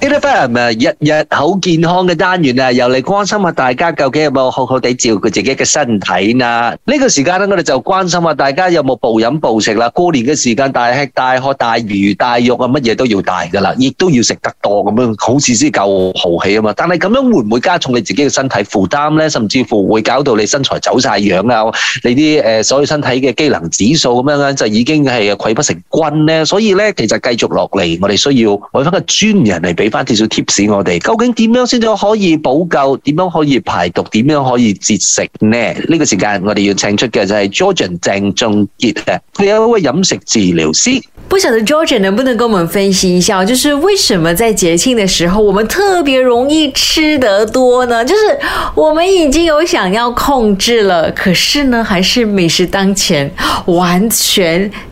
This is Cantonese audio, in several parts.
Dear friend 啊，日日好健康嘅單元啊，又嚟關心下大家究竟有冇好好地照顧自己嘅身體啦？呢、呢個時間咧，我哋就關心下大家有冇暴飲暴食啦。過年嘅時間大吃大喝，大，喝大魚大肉啊，乜嘢都要大噶啦，亦都要食得多咁樣，好似先夠豪氣啊嘛。但係咁樣會唔會加重你自己嘅身體負擔呢？甚至乎會搞到你身材走晒樣啊！你啲誒所有身體嘅機能指數咁樣咧，就已經係潰不成軍呢。所以咧，其實繼續落嚟，我哋需要揾翻個專人嚟俾。翻啲小 tips，我哋，究竟點樣先至可以補救？點樣可以排毒？點樣可以節食呢？呢個時間我哋要請出嘅就係 Georgen 鄭仲杰啊，佢係一位飲食治療師。不曉得 Georgen 能不能跟我們分析一下，就是為什麼在節慶的時候，我們特別容易吃得多呢？就是我們已經有想要控制了，可是呢，還是美食當前，完全。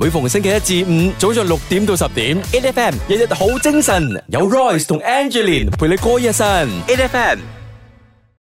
每逢星期一至五，早上六點到十點，A F M 日日好精神，有 Royce 同 Angelina 陪你過一生，A F M。